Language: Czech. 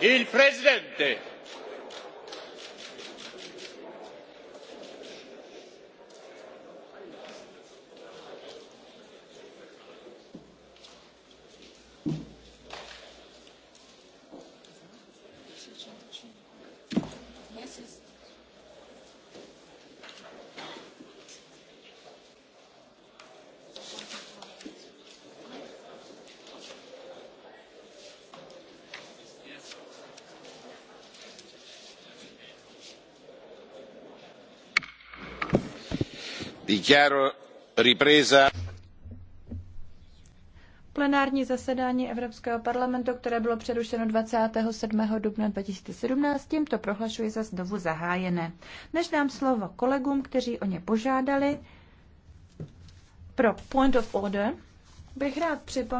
Il presidente Plenární zasedání Evropského parlamentu, které bylo přerušeno 27. dubna 2017, tímto prohlašuji za znovu zahájené. Než dám slovo kolegům, kteří o ně požádali, pro point of order bych rád připomněl,